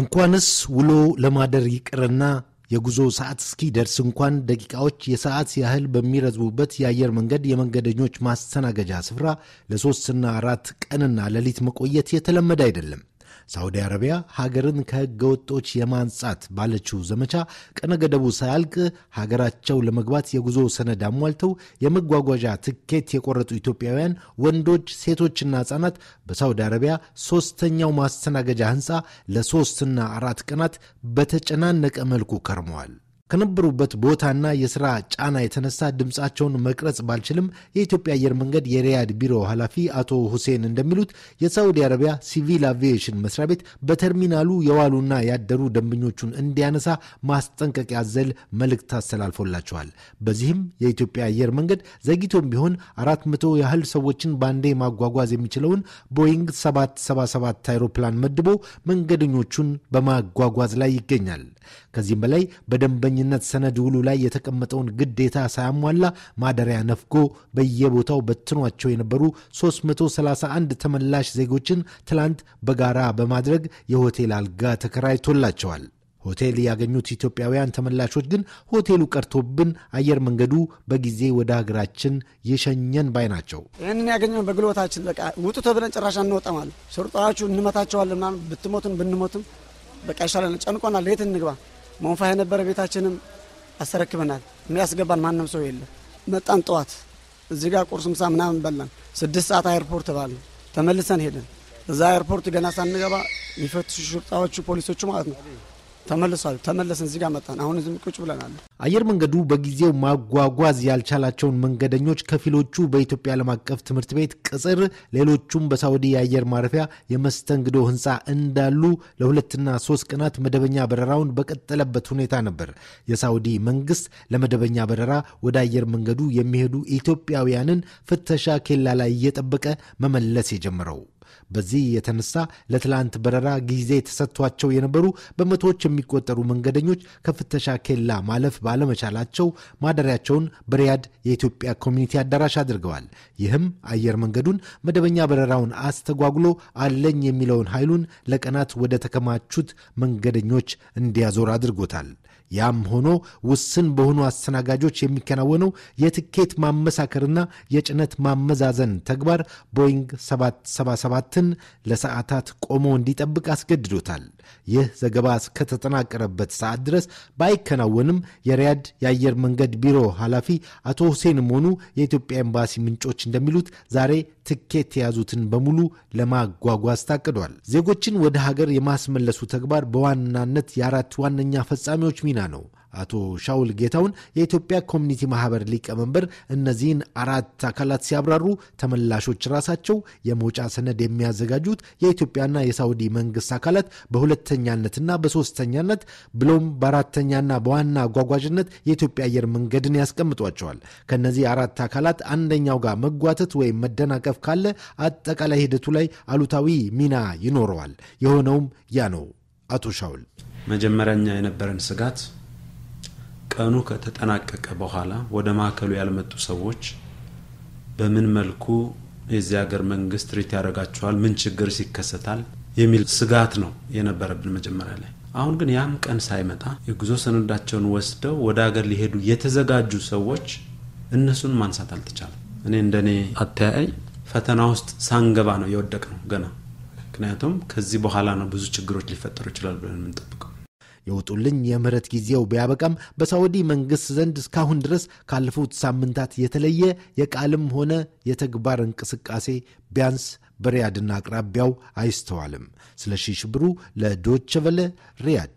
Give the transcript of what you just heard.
እንኳንስ ውሎ ለማደር ይቅርና የጉዞ ሰዓት እስኪደርስ እንኳን ደቂቃዎች የሰዓት ያህል በሚረዝቡበት የአየር መንገድ የመንገደኞች ማስተናገጃ ስፍራ ለሶስትና አራት ቀንና ሌሊት መቆየት የተለመደ አይደለም። ሳዑዲ አረቢያ ሀገርን ከህገ ወጦች የማንጻት ባለችው ዘመቻ ቀነ ገደቡ ሳያልቅ ሀገራቸው ለመግባት የጉዞ ሰነድ አሟልተው የመጓጓዣ ትኬት የቆረጡ ኢትዮጵያውያን ወንዶች፣ ሴቶችና ህጻናት በሳዑዲ አረቢያ ሶስተኛው ማስተናገጃ ህንፃ ለሶስትና አራት ቀናት በተጨናነቀ መልኩ ከርመዋል። ከነበሩበት ቦታና የስራ ጫና የተነሳ ድምፃቸውን መቅረጽ ባልችልም የኢትዮጵያ አየር መንገድ የሪያድ ቢሮ ኃላፊ አቶ ሁሴን እንደሚሉት የሳዑዲ አረቢያ ሲቪል አቪዬሽን መስሪያ ቤት በተርሚናሉ የዋሉና ያደሩ ደንበኞቹን እንዲያነሳ ማስጠንቀቂያ አዘል መልእክት አስተላልፎላቸዋል። በዚህም የኢትዮጵያ አየር መንገድ ዘግይቶም ቢሆን አራት መቶ ያህል ሰዎችን በአንዴ ማጓጓዝ የሚችለውን ቦይንግ 777 አይሮፕላን መድቦ መንገደኞቹን በማጓጓዝ ላይ ይገኛል። ከዚህም በላይ በደንበ የጥገኝነት ሰነድ ውሉ ላይ የተቀመጠውን ግዴታ ሳያሟላ ማደሪያ ነፍጎ በየቦታው በትኗቸው የነበሩ 331 ተመላሽ ዜጎችን ትላንት በጋራ በማድረግ የሆቴል አልጋ ተከራይቶላቸዋል። ሆቴል ያገኙት ኢትዮጵያውያን ተመላሾች ግን ሆቴሉ ቀርቶብን አየር መንገዱ በጊዜ ወደ ሀገራችን የሸኘን ባይ ናቸው። ይህንን ያገኘን በግሎታችን በቃ ውጡ ተብለን ጭራሽ አንወጣማል። ሸርጣዎቹ እንመታቸዋለን ምናምን ብንሞትም በቃ ይሻለን፣ ጨንቆናል፣ የት እንግባ መንፋ የነበረ ቤታችንም አስረክበናል። የሚያስገባን ማንም ሰው የለም። መጣን ጠዋት እዚህ ጋር ቁርስ፣ ምሳ ምናምን በላን። ስድስት ሰዓት አይርፖርት ባለ ተመልሰን ሄደን እዛ አይርፖርት ገና ሳንገባ የሚፈትሹ ሹርጣዎቹ ፖሊሶቹ ማለት ነው ተመልሷል። ተመለስን፣ እዚህ ጋር መጣን። አሁን ዝም ቁጭ ብለናል። አየር መንገዱ በጊዜው ማጓጓዝ ያልቻላቸውን መንገደኞች ከፊሎቹ በኢትዮጵያ ዓለም አቀፍ ትምህርት ቤት ቅጽር፣ ሌሎቹም በሳውዲ የአየር ማረፊያ የመስተንግዶ ህንፃ እንዳሉ ለሁለትና ሶስት ቀናት መደበኛ በረራውን በቀጠለበት ሁኔታ ነበር። የሳውዲ መንግስት ለመደበኛ በረራ ወደ አየር መንገዱ የሚሄዱ ኢትዮጵያውያንን ፍተሻ ኬላ ላይ እየጠበቀ መመለስ የጀመረው በዚህ የተነሳ ለትላንት በረራ ጊዜ ተሰጥቷቸው የነበሩ በመቶዎች የሚቆጠሩ መንገደኞች ከፍተሻ ኬላ ማለፍ ባለመቻላቸው ማደሪያቸውን በሪያድ የኢትዮጵያ ኮሚኒቲ አዳራሽ አድርገዋል። ይህም አየር መንገዱን መደበኛ በረራውን አስተጓጉሎ አለኝ የሚለውን ኃይሉን ለቀናት ወደ ተከማቹት መንገደኞች እንዲያዞር አድርጎታል። ያም ሆኖ ውስን በሆኑ አስተናጋጆች የሚከናወነው የትኬት ማመሳከርና የጭነት ማመዛዘን ተግባር ቦይንግ 777 ሰባትን ለሰዓታት ቆሞ እንዲጠብቅ አስገድዶታል። ይህ ዘገባ እስከተጠናቀረበት ሰዓት ድረስ ባይከናወንም የሪያድ የአየር መንገድ ቢሮ ኃላፊ አቶ ሁሴንም ሆኑ የኢትዮጵያ ኤምባሲ ምንጮች እንደሚሉት ዛሬ ትኬት የያዙትን በሙሉ ለማጓጓዝ ታቅዷል። ዜጎችን ወደ ሀገር የማስመለሱ ተግባር በዋናነት የአራት ዋነኛ ፈጻሚዎች ሚና ነው። አቶ ሻውል ጌታውን የኢትዮጵያ ኮሚኒቲ ማህበር ሊቀመንበር እነዚህን አራት አካላት ሲያብራሩ ተመላሾች ራሳቸው የመውጫ ሰነድ የሚያዘጋጁት የኢትዮጵያና የሳውዲ መንግስት አካላት በሁለተኛነትና በሶስተኛነት ብሎም በአራተኛና በዋና አጓጓዥነት የኢትዮጵያ አየር መንገድን ያስቀምጧቸዋል። ከነዚህ አራት አካላት አንደኛው ጋር መጓተት ወይም መደናቀፍ ካለ አጠቃላይ ሂደቱ ላይ አሉታዊ ሚና ይኖረዋል። የሆነውም ያ ነው። አቶ ሻውል መጀመሪያኛ የነበረን ስጋት ቀኑ ከተጠናቀቀ በኋላ ወደ ማዕከሉ ያልመጡ ሰዎች በምን መልኩ የዚህ ሀገር መንግስት ሪት ያደርጋቸዋል፣ ምን ችግር ይከሰታል የሚል ስጋት ነው የነበረብን መጀመሪያ ላይ። አሁን ግን ያም ቀን ሳይመጣ የጉዞ ሰነዳቸውን ወስደው ወደ ሀገር ሊሄዱ የተዘጋጁ ሰዎች እነሱን ማንሳት አልተቻለም። እኔ እንደኔ አተያይ ፈተና ውስጥ ሳንገባ ነው የወደቅ ነው ገና። ምክንያቱም ከዚህ በኋላ ነው ብዙ ችግሮች ሊፈጠሩ ይችላል ብለን የምንጠብቀው። የውጡልኝ የምህረት ጊዜው ቢያበቃም በሳውዲ መንግስት ዘንድ እስካሁን ድረስ ካለፉት ሳምንታት የተለየ የቃልም ሆነ የተግባር እንቅስቃሴ ቢያንስ በሪያድና አቅራቢያው አይስተዋልም። ስለሺ ሽብሩ ለዶቸቨለ ሪያድ